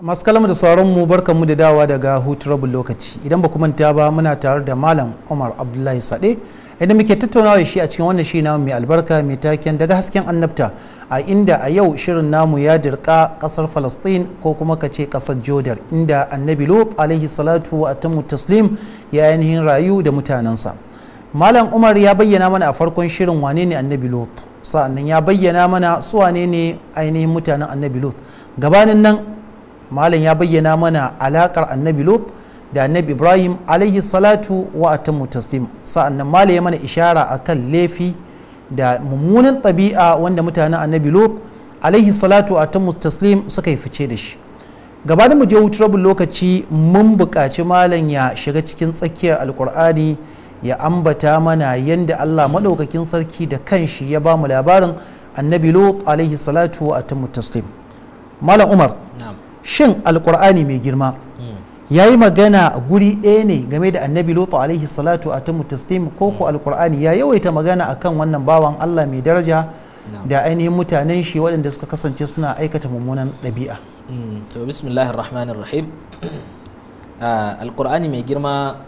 masu kalama da sauran mu barkan mu da dawa daga hutu rabin lokaci idan ba manta ba muna tare da malam umar abdullahi sade inda muke tattaunawa da shi a cikin wannan shi namu mai albarka mai taken daga hasken annabta a inda a yau shirin namu ya dirka kasar falastin ko kuma ka ce kasar jodar inda annabi lot alaihi salatu wa atamu taslim ya ainihin rayu da mutanensa malam umar ya bayyana mana a farkon shirin wane ne annabi lot sa'annan ya bayyana mana su wane ne ainihin mutanen annabi lot gabanin nan malam ya bayyana mana alaƙar annabi lut da annabi ibrahim alaihi salatu wa taslim sa'annan malam ya mana ishara akan laifi da mummunan ɗabi'a wanda mutanen annabi lut alaihi salatu wa taslim suka yi fice da shi gabanin mu je wuce rabin lokaci mun buƙaci malam ya shiga cikin tsakiyar alkur'ani ya ambata mana yadda allah maɗaukakin sarki da kanshi ya ba mu labarin annabi lut alaihi salatu wa taslim malam umar shin alkur'ani mai girma ya yi magana guri ɗaya ne game da annabi lutu alaihi salatu a tamu taslim ko ko alkur'ani ya yawaita magana akan wannan bawan allah mai daraja da ainihin mutanen shi waɗanda suka kasance suna aikata mummunan ɗabi'a hmm, to bismillahir rahmanir rahim ah, alkur'ani mai girma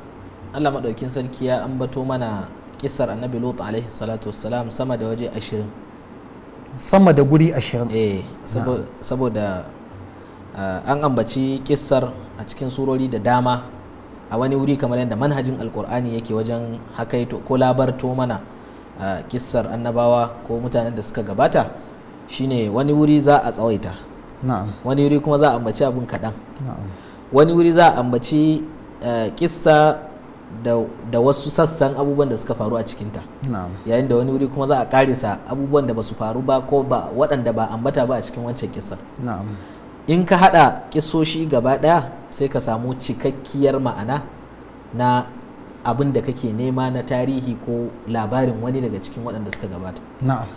allah maɗaukin sarki ya ambato mana kisar annabi lutu alaihi salatu wassalam sama da waje ashirin sama da guri ashirin eh saboda Eh, an ambaci kissar a cikin surori da dama a wani wuri kamar yadda manhajin alkur'ani yake wajen hakaito ko labarto mana eh, kissar annabawa ko mutanen da suka gabata shine wani wuri za a tsawaita wani wuri kuma za a ambaci abin kaɗan wani wuri za a ambaci eh, kissa da wasu sassan abubuwan da suka faru a cikinta yayin da wani wuri kuma za a karisa abubuwan da ba su faru ba ko ba waɗanda ba ambata ba a cikin wancan kissar in ka haɗa kisoshi gaba daya sai ka samu cikakkiyar ma'ana na abin da kake nema na tarihi ko labarin wani daga cikin waɗanda suka gabata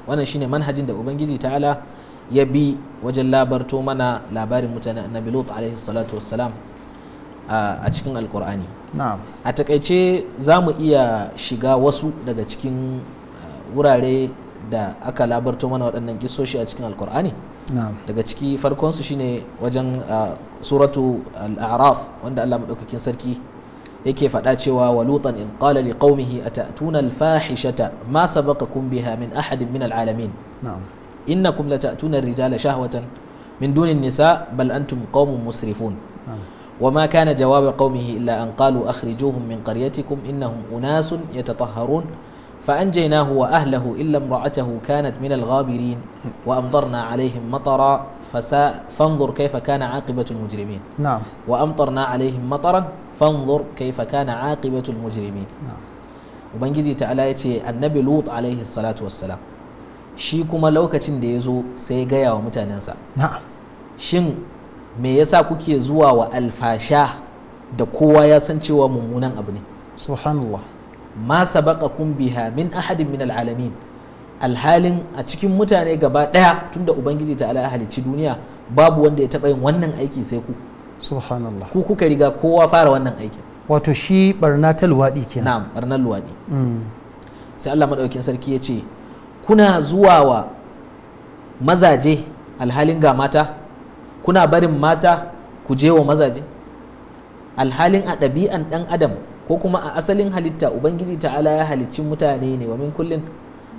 wannan shine manhajin da ubangiji ta'ala ya bi wajen labarto mana labarin mutane annabi lut alaihi salatu wassalam a cikin alkur'ani a takaice za mu iya shiga wasu daga cikin wurare da aka labarto mana waɗannan kisoshi a cikin alkur'ani daga ciki farkon su shine wajen suratu al-a'raf wanda Allah madaukakin sarki yake fada cewa walutan in qala liqaumihi atatuna al-fahishata ma sabaqakum biha min ahadin min al-alamin na'am innakum latatuna ar-rijala shahwatan min duni an-nisa bal antum qaumun musrifun وما كان جواب قومه إلا أن قالوا أخرجوهم من قريتكم إنهم أناس يتطهرون فأنجيناه وأهله إلا امرأته كانت من الغابرين وأمطرنا عليهم مطرا فساء فانظر كيف كان عاقبة المجرمين نعم وأمطرنا عليهم مطرا فانظر كيف كان عاقبة المجرمين نعم وبنجي تعالى النبي لوط عليه الصلاة والسلام shi kuma lokacin da ya zo sai ya gaya wa mutanensa shin me yasa kuke zuwa wa alfasha da kowa ya san cewa mummunan abu ne subhanallah ma sabaqakum biha min ahadin min alalamin alhalin a cikin mutane gaba daya tunda ubangiji ta ala halicci duniya babu wanda ya taba yin wannan aiki sai ku subhanallah ku kuka riga kowa fara wannan aiki. wato shi barna ta luwadi kenan na'am barna luwadi mm. sai Allah madaukakin sarki ya ce kuna zuwa wa mazaje alhalin ga mata kuna barin mata ku je wa mazaje alhalin a ɗabi'an ɗan adam ko kuma a asalin halitta ubangiji ta'ala ya halicci mutane ne wa min kullin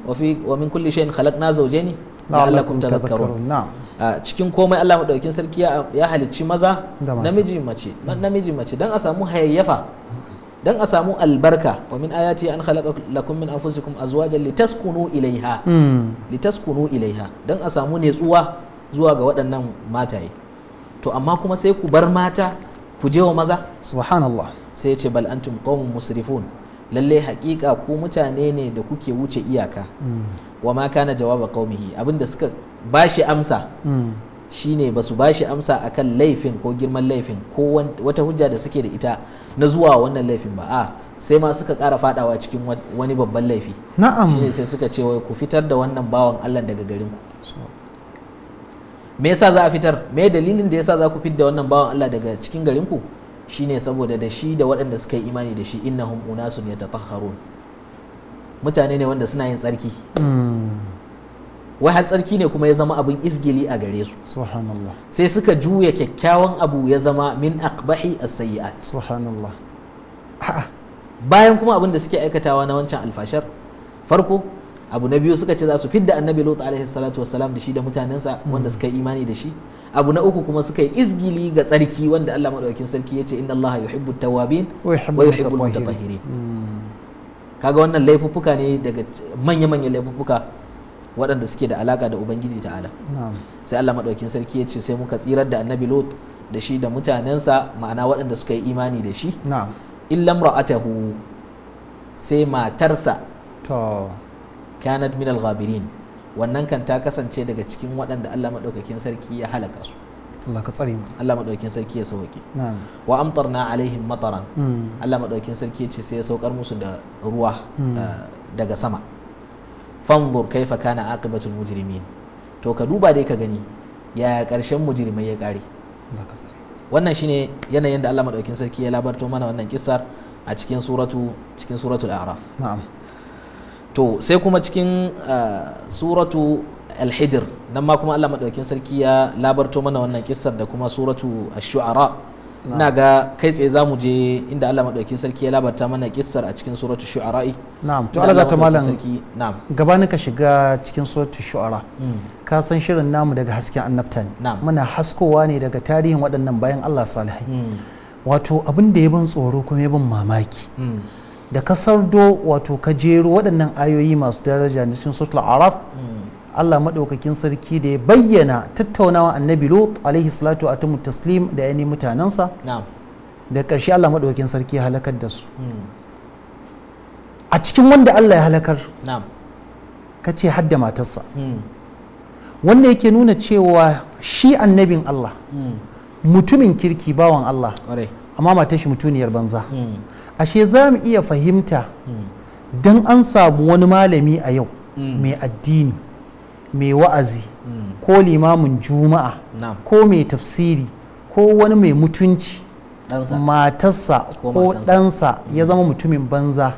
wa min kulli shay'in khalaqna zawjaini la'allakum tadhakkarun a cikin komai Allah madaukakin sarki ya halicci maza namiji mace namiji mace dan a samu hayayyafa dan a samu albarka wa min ayati an khalaqa lakum min anfusikum azwajan litaskunu ilaiha hmm. litaskunu ilaiha dan a samu netsuwa zuwa ga waɗannan mataye to amma kuma sai ku bar mata ku je wa maza subhanallah sai ya ce bal antum qaumun musrifun lalle hakika ku mutane ne da kuke wuce iyaka wa ma kana jawaba qaumihi abinda suka bashi amsa shine ba su bashi amsa kan laifin ko girman laifin ko wata hujja da suke da ita na zuwa wannan laifin ba a sai ma suka kara fadawa cikin wani babban laifi na'am shine sai suka ce wai ku fitar da wannan bawan Allah daga garin ku me yasa za a fitar me dalilin da yasa za ku fitar da wannan bawan Allah daga cikin garin ku shine saboda da shi da waɗanda suka yi imani da shi innahum unasun yatatahharun mutane ne wanda suna yin tsarki hmm. wahal tsarki ne kuma ya zama abin izgili a gare su subhanallah sai suka juya kyakkyawan abu ya zama min aqbahi as-sayyi'at subhanallah bayan kuma abin da suke aikatawa na wancan alfashar farko abu na biyu suka ce za su fidda annabi lut alaihi salatu wassalam da shi da mutanensa hmm. wanda suka yi imani da shi abu na uku kuma suka yi izgili ga tsarki wanda Allah madaukakin sarki yace inna Allah yuhibbu tawabin wa yuhibbu mutatahirin hmm. kaga wannan laifuffuka ne daga manya manyan laifuffuka waɗanda suke da alaka da ubangiji ta'ala sai Allah madaukakin sarki yace sai muka tsirar da annabi Lot da shi da mutanensa ma'ana waɗanda suka yi imani da shi illam ra'atahu sai matarsa kanat min al-ghabirin wannan kan ta kasance daga cikin waɗanda Allah maɗaukakin sarki ya halaka su Allah ka tsare mu Allah maɗaukakin sarki ya sauke wa amtarna alaihim mataran hmm. Allah maɗaukakin sarki ya ce sai ya saukar musu da ruwa hmm. eh, daga sama fanzur kaifa kana aqibatul mujrimin to ka duba dai ka gani ya karshen mujrimai ya kare wannan shine yanayin da Allah maɗaukakin sarki ya labarto mana wannan kissar a cikin suratu cikin suratul a'raf na'am to sai kuma cikin eh, suratu alhijir nan ma kuma Allah maɗaukin sarki ya labarto mana wannan kissar da kuma suratu ash-shu'ara ina ga kai tsaye za mu je inda Allah maɗaukin sarki ya labarta mana kissar a cikin suratu shu'ara. na'am to Allah ta malam na'am gabanin ka shiga cikin suratu shu'ara hmm. ka san shirin namu daga hasken annabta ne muna haskowa ne daga tarihin waɗannan bayan Allah salihai hmm. wato abin da ya ban tsoro kuma ya ban mamaki hmm. da ka sardo wato ka jero waɗannan ayoyi masu daraja na cikin suratul araf Allah maɗaukakin sarki da ya bayyana tattaunawa annabi Lut alaihi salatu wa taslim da yani mutanensa da ƙarshe Allah maɗaukakin sarki ya halakar da su hmm. a cikin wanda Allah ya halakar ka ce hadda matarsa hmm. wanda yake nuna cewa shi annabin Allah hmm. mutumin kirki bawan Allah amma mata shi mutuniyar banza hmm. ashe za mu iya fahimta hmm. don an samu wani malami a yau hmm. mai addini mai wa'azi ko limamin juma'a ko mai tafsiri ko wani mai mutunci matarsa ko ɗansa ya zama mutumin banza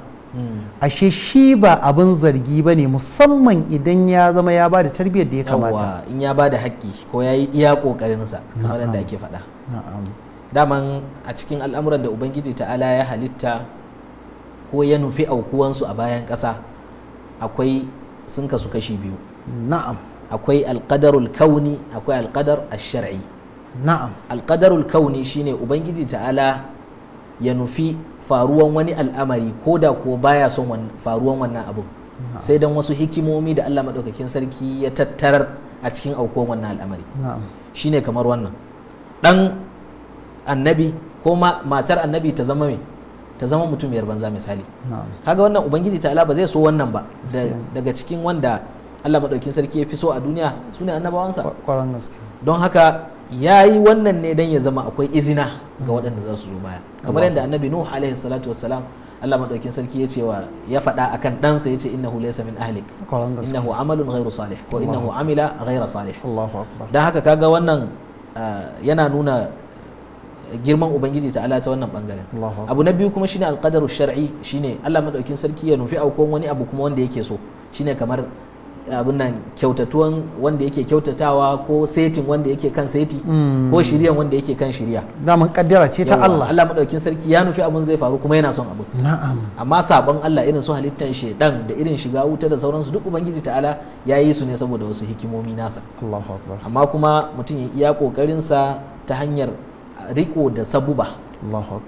ashe shi ba abin zargi ba ne musamman idan ya zama ya ba da tarbiyyar da ya kamata in ya ba da haƙƙi ko ya yi iya ƙoƙarinsa kamar da ake faɗa daman a cikin al'amuran da ubangiji ta'ala ya halitta ko ya nufi aukuwansu a bayan ƙasa akwai sun kasu kashi biyu na'am akwai alƙadarul kauni akwai alƙadar a shari na'am alƙadarul kauni shine ubangiji ta'ala ya nufi faruwan wani al'amari ko da ko baya son faruwan wannan abu sai don wasu hikimomi da Allah maɗaukakin sarki ya tattarar a cikin aukuwan wannan al'amari shine kamar wannan dan annabi ko matar annabi ta zama mai ta zama mutumiyar banza misali kaga wannan ubangiji ta'ala ba zai so wannan ba daga cikin wanda Allah madaukin sarki ya fi so a duniya su ne annabawansa kwaran don haka ya yi wannan ne dan ya zama akwai izina ga waɗanda za su zo baya kamar yadda annabi nuhu alaihi salatu wassalam Allah madaukin sarki ya ce wa ya faɗa akan ɗansa ya ce innahu laysa min ahlik innahu amalun ghairu salih ko innahu amila ghairu salih don haka kaga wannan ah, yana nuna girman ubangiji ala ta wannan bangaren abu na biyu kuma shine alqadaru shar'i shine Allah madaukin sarki ya nufi aukon wani abu kuma wanda yake so shine kamar abun nan kyautatuwan wanda yake kyautatawa ko setin wanda yake kan seti hmm. ko shiryan wanda yake kan shirya daman kaddara ce ta Allah Allah madaukin sarki ya nufi abun zai faru kuma yana son abun na'am amma sabon Allah irin su halittan shedan da irin shiga wuta da sauransu duk ubangiji ta'ala ya yi su ne saboda wasu hikimomi nasa Allahu akbar amma kuma mutum ya iya kokarin sa ta hanyar riko da sabuba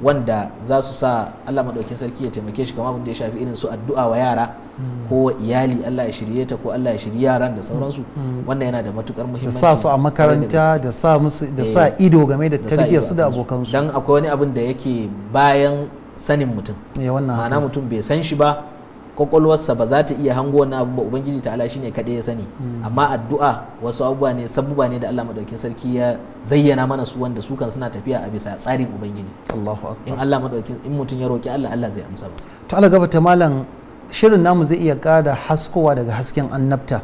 wanda za su sa Allah maɗaukin sarki ya taimake shi kamar da ya shafi irin su addu'a wa yara hmm. ko iyali Allah ya shirye ta ko Allah ya shirye yaran da sauransu hmm. Hmm. wannan yana da matukar muhimmanci da sa su a makaranta da sa musu da sa eh, ido game da tarbiyyar su da abokansu dan akwai wani abin da yake bayan sanin mutum eh, ma'ana mutum bai san shi ba kwakwalwarsa ba za ta iya hango wani abu ba ubangiji ta'ala shine kaɗai ya sani hmm. amma addu'a wasu abubuwa ne sabuwa ne da Allah madaukin sarki ya zayyana mana su wanda su kan suna tafiya a bisa tsarin ubangiji in Allah madaukin in mutum ya roki Allah Allah zai amsa masa to Allah gaba ta malam shirin namu zai iya ƙara haskowa daga hasken annabta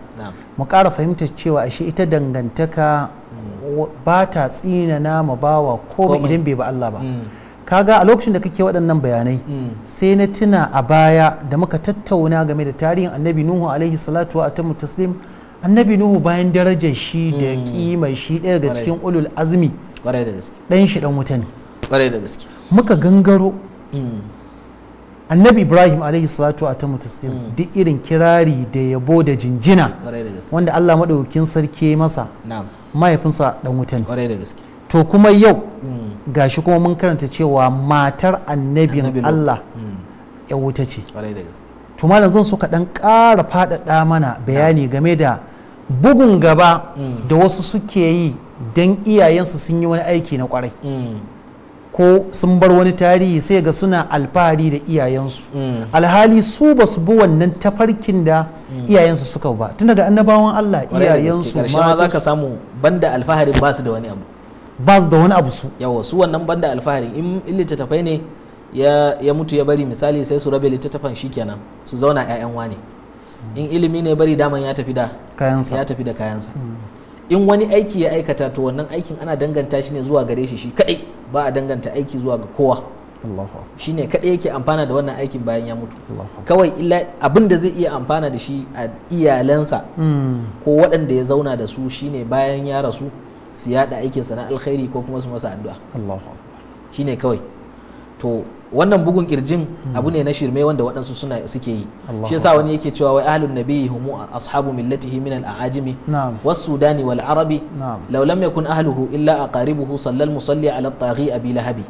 mu ƙara fahimtar cewa ashe ita dangantaka hmm. ba ta tsinana mu bawa ko idan bai ba Allah ba hmm. kaga a lokacin da kake waɗannan bayanai hmm. sai na tuna a baya da muka tattauna game da tarihin annabi nuhu alaihi salatu wa taslim annabi nuhu bayan darajar shi da kima hmm. shi ɗaya ga cikin ulul azmi ɗan shi ɗan wuta ne muka gangaro hmm. annabi ibrahim alaihi salatu wa taslim duk irin kirari da yabo da jinjina wanda allah maɗaukin sarki masa mahaifinsa ɗan wuta ne to kuma yau hmm. gashi kuma mun karanta cewa matar annabin Allah hmm. ya wuta ce to malam zan so ka dan ƙara faɗaɗa mana ah. bayani game da bugun gaba hmm. da wasu suke yi don iyayensu sun yi wani aiki na kwarai ko sun bar wani tarihi sai ga suna alfahari da iyayensu alhali su ba su bi wannan tafarkin da iyayensu suka ba tun daga annabawan Allah iyayensu ma za ka samu banda alfaharin ba su da wani abu ba su da wani abu su yawa su wannan banda alfahari in littattafai ne ya mutu ya bari misali sai su rabe littattafan shikenan su zauna 'ya'yan wane in ilimi ne bari daman ya tafi da kayansa ya tafi da kayansa hmm. in wani aiki ya aikata to wannan aikin ana danganta shi ne zuwa gare shi shi kadai ba a danganta aiki zuwa ga kowa shi ne kadai yake amfana da wannan aikin bayan ya mutu kawai abin da zai iya amfana da shi a iyalansa hmm. ko waɗanda ya zauna da su shine bayan ya rasu su yada aikinsa na alkhairi ko kuma su masa addu'a shine kawai to wannan bugun kirjin hmm. abu ne na shirme wanda waɗansu suna suke yi shi yasa wani yake cewa wai ahlun nabiyyi humu ashabu millatihi min al ajimi. was sudani wal arabi law lam yakun ahluhu illa aqaribuhu sallal musalli ala taghi abi lahabi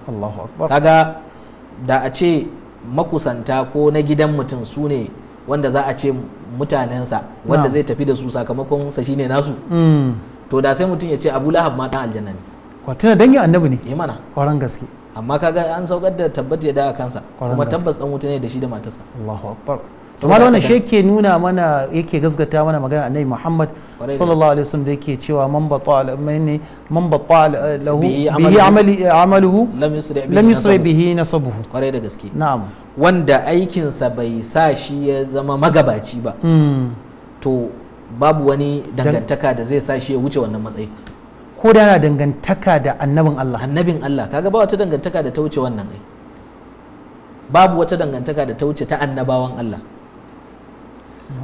kaga da a ce makusanta ko na gidan mutum su ne wanda za a ce mutanensa wanda zai tafi da su sakamakon sa shine nasu hmm. to da sai mutum ya ce abu lahab ma dan aljanna ne kwatina dangin annabi ne imana eh mana kwaran gaske amma kaga an saukar da tabbata ya da kansa kuma tabbas dan wuta ne da shi da matarsa Allahu akbar to malama wannan shi yake nuna mana yake gasgata mana magana annabi Muhammad sallallahu alaihi wasallam da yake cewa man batal man man batal lahu bihi amali amaluhu lam yusri bihi nasabuhu kwarai da gaske na'am wanda aikinsa bai sa shi ya zama magabaci ba hmm. to babu wani dangantaka da zai sa shi ya wuce wannan matsayi ko da yana dangantaka da annabin Allah annabin Allah kaga ba wata dangantaka da ta wuce wannan ai babu wata dangantaka da ta wuce ta annabawan Allah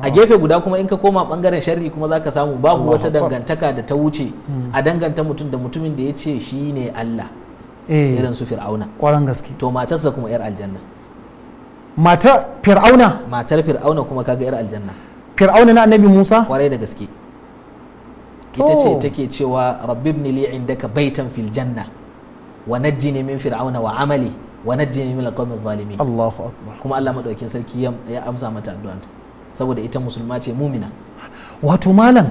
a gefe guda kuma in ka koma bangaren sharri kuma za ka samu babu wata dangantaka da ta wuce hmm. a danganta mutum da mutumin da ya ce shi ne Allah eh. irin su fir'auna ƙwarar gaske to matarsa kuma 'yar aljanna matar fir'auna matar fir'auna kuma kaga 'yar aljanna fir'auna na annabi musa kwarai da gaske ita ce oh. take cewa rabbi ibn li indaka baitan fil janna wa najjini min fir'auna wa amali wa najjini min alqawmi zalimin Allahu akbar kuma Allah madaukin sarki ya amsa mata addu'a saboda ita musulma ce mumina wato malam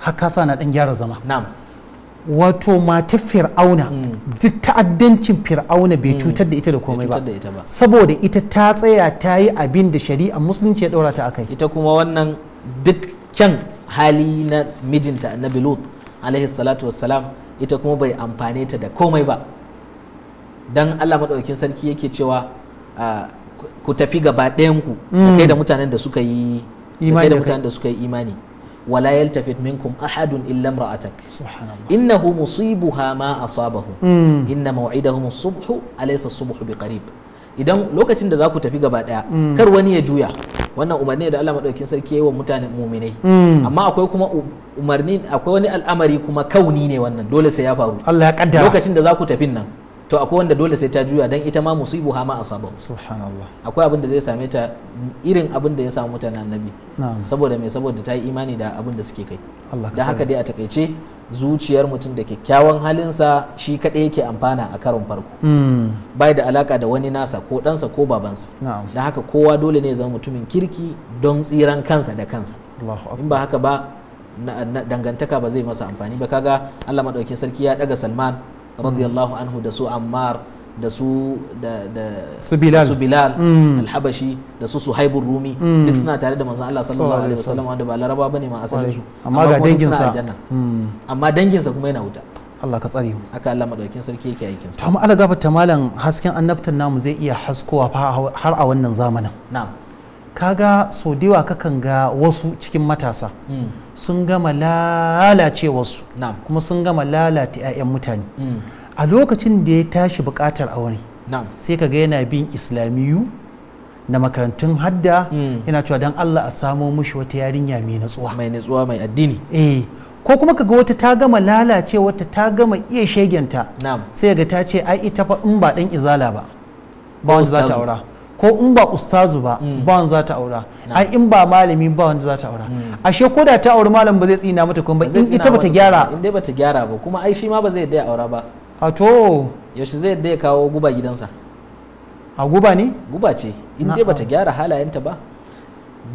haka sa na dan gyara zama na'am wato mata fir'auna mm. duk ta'addancin fir'auna bai mm. cutar da ita da komai ba saboda ita ta tsaya ta yi abin da shari'a musulunci ya ɗora ta akai ita kuma wannan duk kyan hali na mijinta na lut alaihi salatu wassalam ita kuma bai amfane ta da komai ba dan Allah maɗaukin sarki yake cewa ah, ku tafi gaba ɗayan ku da mm. kai da mutanen da suka yi imani ولا يلتفت minkum أحد إلا امرأتك innahu musibuha ma asabahu inna maw'idahum as-subhu الصبح as-subhu biqarib idan lokacin da za ku tafi gaba daya kar wani ya juya wannan umarni da Allah madaukakin sarki yayi wa mutane muminai amma akwai kuma umarni akwai wani al'amari kuma kauni ne wannan dole sai ya faru Allah ya kaddara lokacin da za ku tafi nan to akwai wanda dole sai ta juya dan ita ma musibu ha ma asaba subhanallah akwai abin da zai same ta irin abin da ya samu mutanen annabi saboda mai saboda ta yi imani da abin da suke kai da haka dai a takaice zuciyar mutum da kyakkyawan halinsa shi kaɗai yake amfana a karon farko hmm. bai da alaka da wani nasa ko dansa ko babansa da haka kowa dole ne zama mutumin kirki don tsiran kansa da kansa in ba haka ba dangantaka ba zai masa amfani ba kaga Allah maɗauki sarki ya ɗaga Salman radiyallahu anhu da su ammar da su da su bilal mm. alhabashi da su suhaibun rumi mm. duk suna tare da manzon Allah sallallahu alaihi wasallam wanda ba laraba bane ma asalin su amma ga danginsa mm. amma danginsa kuma yana wuta Allah ka tsare mu haka Allah madaukin sarki yake aikin sa to amma Allah gafarta malam hasken annabtan namu zai iya haskowa har a wannan zamanin na'am kaga so da kakan ga wasu cikin matasa hmm. sun gama lalace wasu kuma sun gama lalata 'ya'yan mutane hmm. a lokacin da ya tashi bukatar aure nah. sai ga yana bin islamiyu na makarantun hadda mm. yana cewa don allah a samo mushi wata yarinya mai natsuwa mai natsuwa mai addini eh, ko kuma ka ga wata ta gama lalace wata ta gama iya shegenta sai ga ta ce ai ita fa in ba dan izala ba ba wanda za ta aura ko in ba ustazu ba mm. ba wanda za ta aura ai in ba malami ba wanda za ta aura mm. ashe ko da ta auri malam ba zai tsina mata kuma in ita bata gyara in dai bata gyara ba kuma ai shi ma ba zai yadda ya aura ba a to yaushe zai yadda ya kawo guba gidansa a guba ne guba ce in dai bata gyara halayenta ba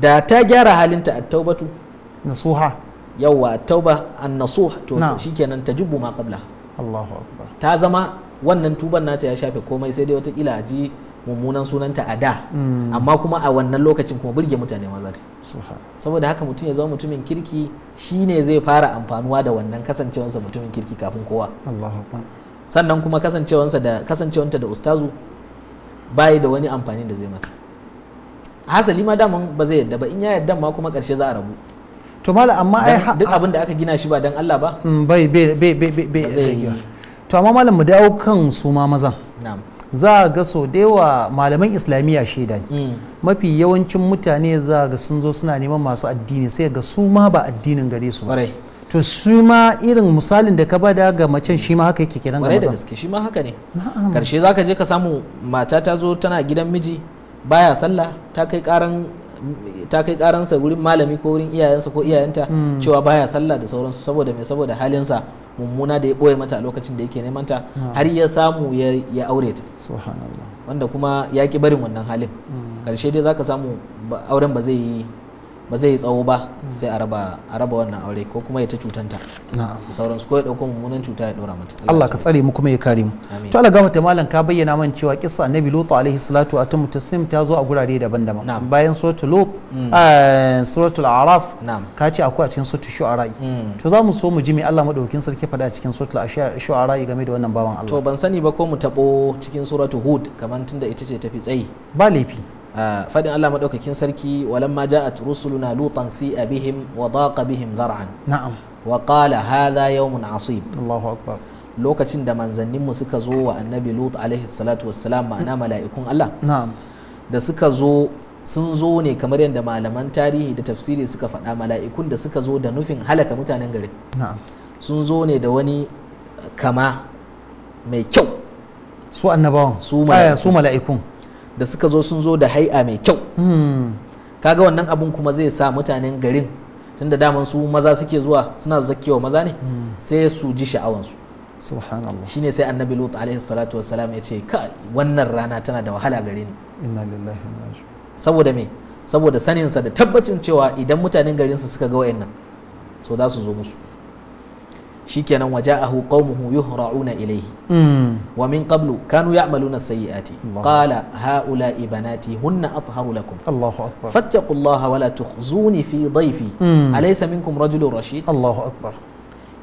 da ta gyara halinta a taubatu nasuha a tauba an nasuha to shikenan tajibu ma qabla Allahu akbar ta zama wannan tuban nata ya shafe komai sai dai watakila kila ji mummunan sunanta a da amma kuma a wannan lokacin kuma burge mutane maza ce saboda haka mutum ya zama mutumin kirki shine zai fara amfanuwa da wannan kasancewansa mutumin kirki kafin kowa sannan kuma kasancewanta da ustazu bayi da wani amfani da zai mata hasali ma daman ba zai yadda ba in ya yadda ma kuma karshe za a rabu to duk abin da aka gina shi ba dan Allah ba bai bai bai bai to amma malam mu dawo kan su ma mazan na'am za a ga so da yawa malaman islamiyya shaida ne hmm. mafi yawancin mutane za ga sun zo suna neman masu addini sai ga su ma ba addinin gare su to su ma irin misalin da ka bada ga macen shi ma haka yake kenan ga da gaske shi ma haka ne karshe za ka je ka samu mata ta zo tana gidan miji baya sallah ta kai karan ta kai karansa wurin malami ko wurin iyayensa ko iyayenta hmm. cewa baya sallah da sauransu saboda mai saboda halinsa mummuna da ya boye mata a lokacin da yake neman ta hmm. har ya samu ya aure ta wanda kuma ya ki barin wannan halin hmm. karshe dai zaka samu auren ba zai yi ba zai yi tsawo ba sai a raba wannan aure ko kuma ya ta cutanta sauran su ko ya dauko mummunan cuta ya ɗora mata Allah ka tsare mu kuma ya kare mu to Allah gafarta malam ka bayyana man cewa kissa annabi Lut alaihi salatu wa ta taslim ta zo a gurare daban-daban bayan suratul Lut mm. eh, suratul Araf ka ce akwai a cikin suratul Shu'ara mm. to za mu so mu ji me Allah madaukin sarki faɗa a cikin suratul Shu'ara game da wannan bawan Allah to ban sani ba ko mu tabo cikin suratul Hud kamar tunda ita ce ta fi tsayi ba laifi Ah, fadin Allah maɗaukakin sarki walamma ja'at rusuluna lutan si'a bihim wa daqa bihim zar'an na'am wa qala hadha yawmun asib Allahu akbar lokacin da mu suka zo wa annabi lut alaihi salatu wassalam ma'ana mala'ikun Allah na'am da suka zo sun zo ne kamar yadda malaman tarihi da tafsiri suka faɗa mala'ikun da suka zo da nufin halaka mutanen garin sun zo ne da wani kama mai kyau su annabawan su mala'ikun da suka zo sun zo da hai'a mai kyau kaga wannan abin kuma zai sa mutanen garin tun da daman su maza suke zuwa suna zakkewa maza ne sai su ji sha'awansu subhanallah shine sai annabi lut alaihi salatu wassalam ya ce ka wannan rana tana da wahala gare ni saboda me saboda saninsa da tabbacin cewa idan mutanen garinsa suka ga wayannan so za su zo musu shikenan waja'ahu qaumuhu yuhra'una ilayhi hmm. wa min qablu kanu ya'maluna sayyi'ati qala haula ibanati hunna atharu lakum Allahu akbar fattaqullaha wa la tukhzuni fi dhayfi hmm. alaysa minkum rajulun rashid Allahu akbar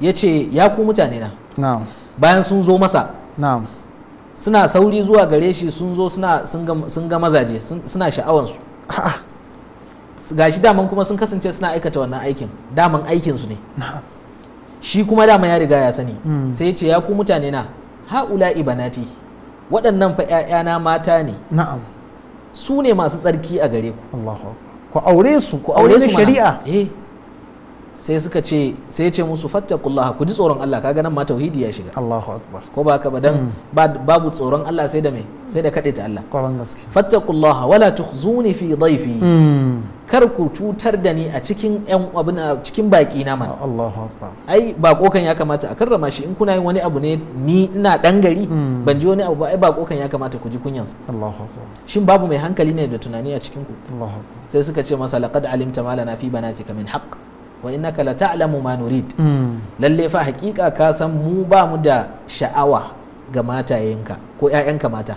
yace ya ku mutane na na'am bayan sun zo masa na'am suna sauri zuwa gare shi sun zo suna sun ga mazaje suna sha'awansu gashi daman kuma sun kasance suna aikata wannan aikin daman aikin su ne na'am shi kuma dama ya riga ya sani hmm. sai ce ya ku mutane na haula ibanati waɗannan fa ‘ya'yana mata ne na'am su ne masu tsarki a gare ku ku aure su ku aure su shari'a eh sai suka ce sai ce musu fattakullaha ku ji tsoron Allah kaga nan ma tauhidi ya shiga Allahu akbar ko ba ba dan mm. babu tsoron Allah sai da me sai da kade ta Allah ƙwaran gaske fattakullaha wala tukhzuni fi dhaifi mm. kar ku cutar da ni a cikin yan abin a cikin baki na man Allahu akbar ai bako kan ya kamata a karrama shi in kuna yin wani abu ne ni ina dan gari mm. ban ji wani abu ba ai bako kan ya kamata ku ji sa Allahu akbar shin babu mai hankali ne da tunani a cikin ku Allahu akbar sai suka ce masa laqad alimta ma lana fi banatika min haqq wa innaka la ta'lamu ma nurid hmm. lalle fa hakika ka san mu ba mu da sha'awa ga matayenka ko ƴaƴanka mata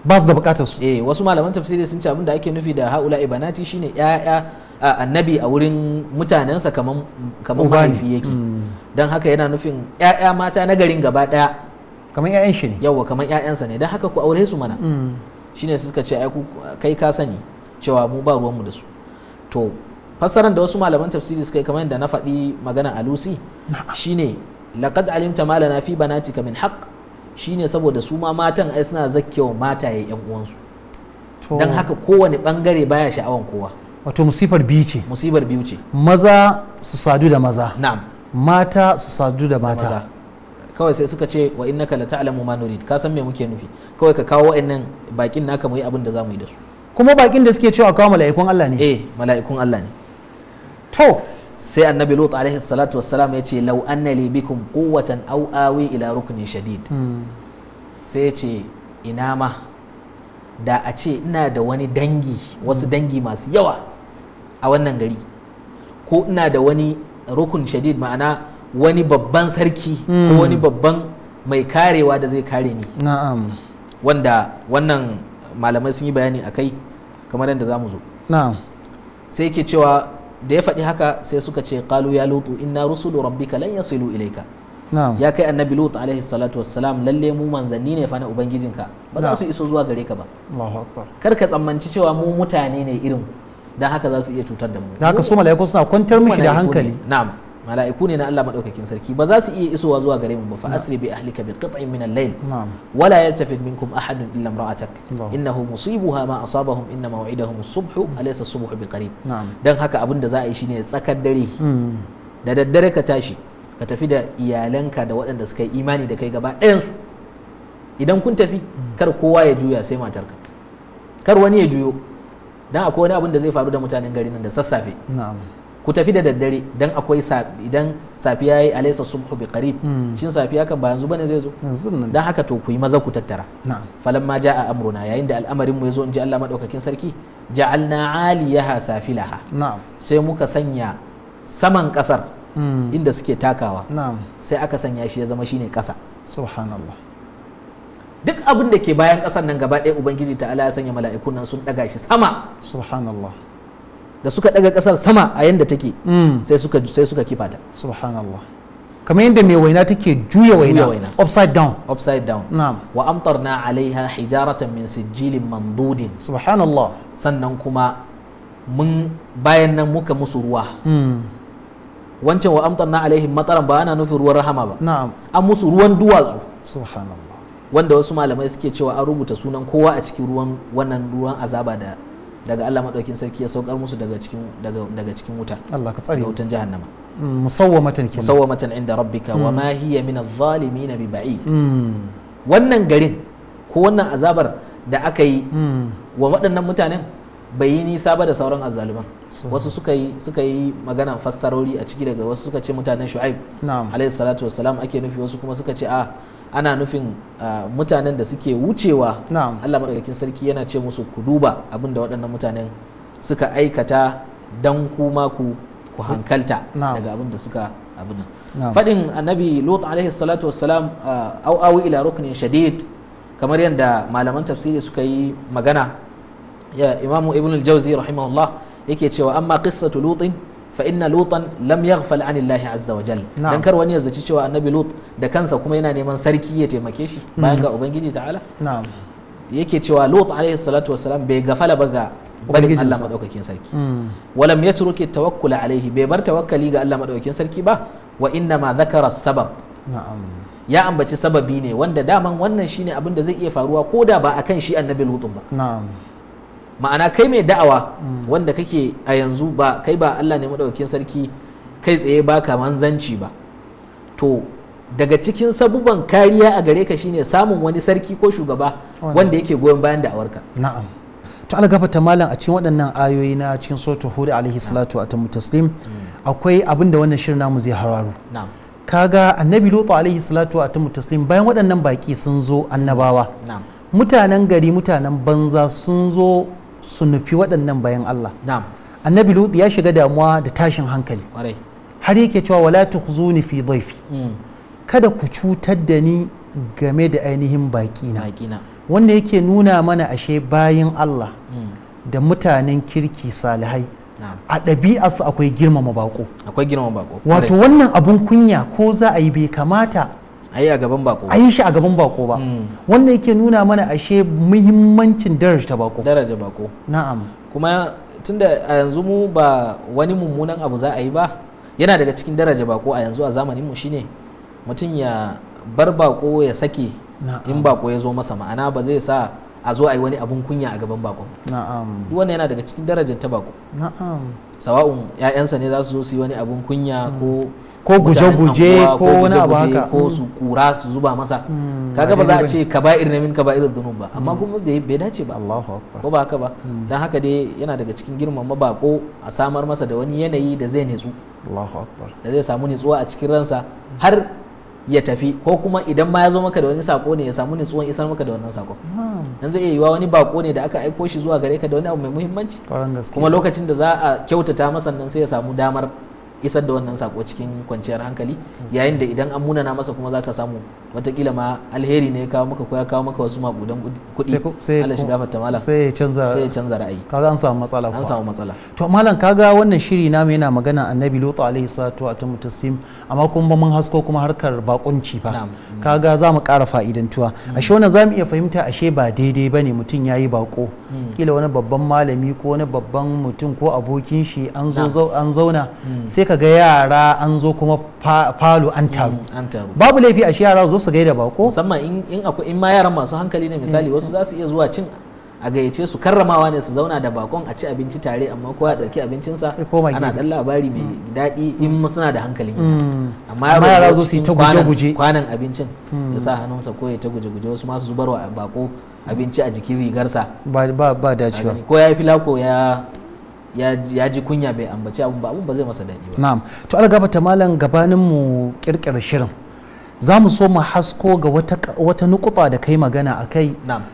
ba su da bukatar su eh wasu malaman tafsiri sun ce abin da ake nufi da haula ibanati shine ƴaƴa annabi a wurin mutanensa kaman kaman mahaifi yake hmm. dan haka yana nufin ƴaƴa mata na garin gaba daya kamar ƴaƴan shi ne yawa kamar ƴaƴansa ne dan haka ku aure su mana hmm. shine suka ce ai kai ka sani cewa mu ba ruwanmu da su to fassaran da wasu malaman tafsiri suka yi kamar yadda na faɗi magana a lucy shine laqad alimta ma lana fi banatika min haqq shine saboda su ma matan ai suna zakkewa mataye yan uwansu dan haka kowane bangare baya sha'awan kowa wato musibar biyu ce musibar biyu ce maza su sadu da maza na'am mata su sadu da mata kawai sai suka ce wa innaka la ta'lamu ma nurid ka san me muke nufi kawai ka kawo wa'annan bakin naka mu yi abin da za mu yi da su kuma bakin da suke cewa kawo mala'ikun Allah ne eh mala'ikun Allah ne to sai annabi lut alaihi salatu wassalam ya ce law anna li bikum quwwatan aw awi ila ruknin shadid hmm. sai ya ce ina ma da a ce ina da wani dangi wasu hmm. dangi masu yawa a wannan gari ko ina da wani rukun shadid ma'ana wani babban sarki ko hmm. wani babban mai karewa da zai kare ni na'am wanda wannan malamai sun yi bayani a kai kamar yadda zamu zo na'am sai yake cewa da ya faɗi haka sai suka ce qalu ya lutu inna rusulu rabbika lan yasilu ilayka ya kai annabi lutu alaihi salatu wassalam lalle mu manzanni ne fa na ubangijinka ba za su iso zuwa gare ka ba kar ka tsammanci cewa mu mutane ne irin dan haka za su iya cutar da mu da haka su mala'iku suna kwantar mishi da hankali na'am mala'iku ne na Allah madaukakin sarki ba za su iya isowa zuwa gare mu ba fa asri bi ahlika bi qat'in min al-layl wala yaltafit minkum ahad illa imra'atak innahu musibuha ma asabahum inna maw'idahum as-subh mm. alaysa as-subh bi qarib dan haka abin da za a yi shine tsakar dare mm. da daddare ka tashi ka tafi da iyalanka da waɗanda suka yi imani da kai gaba su idan kun tafi mm. kar kowa ya juya sai matarka kar wani ya juyo dan akwai wani abin da zai faru da mutanen garin nan da sassafe ku tafi da daddare dan akwai idan safiya yi alaisa subhu bi qarib hmm. shin safiya kan ba yanzu bane zai zo dan haka to ku yi maza ku tattara ma jaa amruna yayin da al'amarin mu yazo in ji Allah madaukakin sarki ja'alna aliyaha safilaha sai muka sanya saman kasar hmm. inda suke takawa sai aka sanya shi ya zama shine kasa subhanallah duk abin da ke bayan kasar nan gaba ɗaya ubangiji ta'ala ya sanya mala'ikun nan sun daga shi sama subhanallah da suka daga kasar sama a yanda take mm. sai suka sai suka kifa ta subhanallah kamar yadda mai waina take juya waina upside down upside down na'am wa amtarna alaiha hijaratan min sijilin mandudin subhanallah sannan kuma mun bayan nan muka musu ruwa mm. wancan wa amtarna alaihim mataran ba ana nufin ruwan rahama ba na'am an musu ruwan duwatsu subhanallah wanda wasu malamai suke cewa an rubuta sunan kowa a cikin ruwan wannan ruwan azaba da daga Allah madaukin sarki ya saukar musu daga cikin daga daga cikin wuta Allah ka tsare wutan jahannama mm, musawwamatan kin musawwamatan inda rabbika wa mm. ma hiya min adh-dhalimin bi ba'id mm. wannan garin ko wannan azabar da aka yi wa waɗannan mutanen bai yi nisa ba da sauran azzaluman wasu suka yi suka yi magana fassarori a ciki daga wasu suka ce mutanen shu'aib alayhi salatu wassalam ake nufi wasu kuma suka ce a ah, ana nufin mutanen da suke wucewa Allah maɗaukakin sarki yana ce musu ku duba abinda waɗannan mutanen suka aikata dan kuma ku ku hankalta daga abin da suka abin faɗin annabi lot alaihi salatu wassalam au ila ruknin shadid kamar yadda malaman tafsiri suka yi magana imamu ibn al-jawzi rahimahullah yake cewa amma qissatu lutin fa inna lutan lam yaghfal anillahi azza wa jalla dan kar wani ya zaci cewa annabi lut da kansa kuma yana neman sarki ya taimake shi bayan ga hmm. ubangiji ta'ala na'am yake cewa lut alaihi salatu wassalam bai gafala ba ga barin Allah madaukakin sarki hmm. walam yatruki tawakkula alaihi bai bar tawakkali ga Allah madaukakin sarki ba wa inna ma dhakara sabab na'am ya ambaci sababi ne wanda daman wannan shine abin da zai iya faruwa ko da ba akan shi annabi lutun ba na'am ma'ana kai mai da'awa wanda kake a yanzu ba kai ba Allah ne madaukakin sarki kai tsaye baka manzanci ba to daga cikin sabuban kariya a gare ka shine samun wani sarki ko shugaba wanda yake goyon bayan da'awarka na'am to Allah gafarta malam a cikin waɗannan ayoyi na cikin suratul hud alaihi salatu wa taslim hmm. akwai abin da wannan shirin namu zai hararu na'am kaga annabi lutu alaihi salatu wa taslim bayan waɗannan baki sun zo annabawa mutanen gari mutanen banza sun zo su nufi waɗannan bayan Allah annabi lut ya shiga damuwa da tashin hankali har yake cewa wala tukhzuni fi dhaifi mm. kada ku cutar da ni game da ainihin baƙi na wanda yake nuna mana ashe bayan Allah mm. da mutanen kirki salihai a ɗabi'arsu akwai girmama baƙo akwai girmama bako wato wannan abun kunya ko za a yi bai kamata ayi a gaban bako ayi shi a gaban bako ba hmm. wannan yake nuna mana ashe muhimmancin daraja bako daraja bako na'am kuma tunda a yanzu mu ba wani mummunan abu za a yi ba yana daga cikin daraja bako a yanzu a zamanin mu shine mutum ya bar bako ya sake in bako ya zo masa ma'ana ba zai sa a zo a yi wani abun kunya a gaban bako na'am duk wannan yana daga cikin darajar ta bako na'am sawa'un 'ya'yansa ne za su zo su yi wani abun kunya hmm. ko ko guje-guje ko wani abu haka ko su mm. kura su zuba masa mm, kaga ba za a ce kaba'ir na min kaba'ir dunun ba amma mm. kuma bai dace ba ko ba haka ba dan haka dai yana daga cikin girman mabako a samar masa da wani yanayi da zai nitsu da zai samu nitsuwa a cikin ransa har ya tafi ko kuma idan ma ya zo maka da wani sako ne ya samu nitsuwan isar maka da wannan sako. dan zai iya yiwa wani bako ne da aka aiko shi zuwa gare ka da wani abu mai muhimmanci kuma lokacin da za a kyautata masa nan sai ya samu damar isar da wannan sako cikin kwanciyar hankali yayin da idan an munana masa kuma zaka samu watakila ma alheri ne ya kawo maka ko ya kawo maka wasu makudan kuɗi Allah shiga fata malam sai ya canza sai ya canza ra'ayi kaga an samu matsala an samu matsala to malam kaga wannan shiri namu yana magana annabi lutu alaihi salatu wa tasim amma kuma mun hasko kuma harkar bakunci fa kaga za mu ƙara fa'idantuwa mm. ashe wannan za mu iya fahimta ashe ba daidai ne mutum yayi bako mm. kila wani babban malami ko wani babban mutum ko abokin shi an an zauna mm. sai ka ga yara an zo kuma falo mm, an taru babu laifi a shi yara zo su da bako musamman in akwai in ma yaran masu hankali ne misali mm. wasu za su iya zuwa cin a gayyace su karramawa ne su zauna da bakon a ci abinci tare amma kowa ya ɗauki abincinsa ana dan labari mai mm. daɗi in suna da hankalin amma yara zo su yi ta guje-guje kwanan abincin ya sa hannunsa ko ya ta guje-guje wasu masu zubarwa bako abinci a jikin rigarsa ba dacewa ko ya fi lako ya ya ji kunya bai ambaci abun ba abun ba zai masa daɗi ba na'am to algaba ta malam gabanin mu kirkira shirin za mu so mu hasko ga wata nukuta da kai magana a kai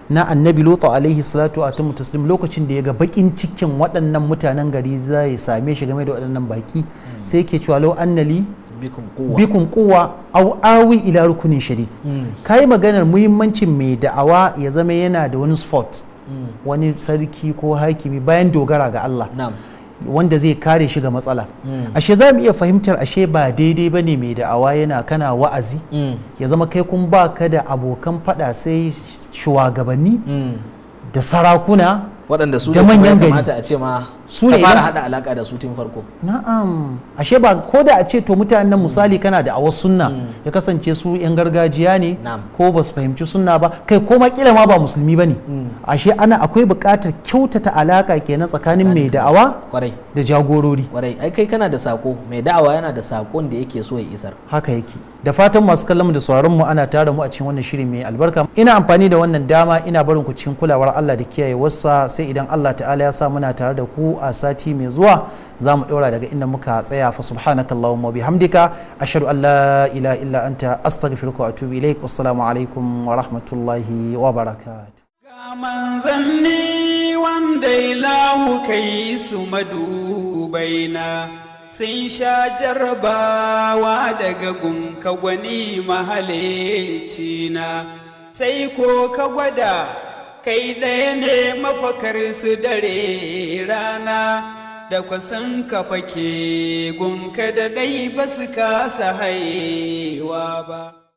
na annabi Lutu alaihi salatu a taslim lokacin da ya ga bakin cikin waɗannan mutanen gari zai same shi game da waɗannan baki sai ke cewa lau annali bikum kuwa au awi ila rukunin shadid mm. kai maganar muhimmancin mai da'awa ya zama yana da wani sport wani sarki ko hakimi bayan dogara ga Allah wanda zai kare shi ga matsala hmm. ashe za mu iya fahimtar ashe ba daidai ba ne mai da'awa yana kana wa'azi hmm. ya zama kai kun ba ka da abokan fada sai shugabanni hmm. da sarakuna da manyan gari su ne fara hada alaka da su tun farko na'am ashe ba ko da a ce to mutanen nan misali mm. kana da awas sunna mm. ya kasance su yan gargajiya ne ko ba su fahimci sunna ba kai ko ma kila ma ba musulmi bane mm. ashe ana akwai buƙatar kyautata alaka kenan tsakanin mai da'awa da jagorori kwarai ai kai kana da sako mai da'awa yana da sakon da yake so ya isar haka yake da fatan masu kallon da sauraron mu ana tara mu a cikin wannan shiri mai albarka ina amfani da wannan dama ina barin ku cikin kulawar Allah da kiyaye wasa sai idan Allah ta'ala ya sa muna tare da ku a sati mai zuwa za mu ɗora daga inda muka tsaya fa subhanaka allahumma bihamdika ashhadu an la ilaha illa anta astaghfiruka wa atubu ilaik assalamu alaikum wa rahmatullahi wa barakatuh ga manzanni wanda ilahu kai su madubaina sun sha jarabawa daga gunka gwani mahalicina sai ko ka gwada kai ɗaya ne mafakar su dare rana da kwasan ka fake gunka da ɗai ba su kasa haiwa ba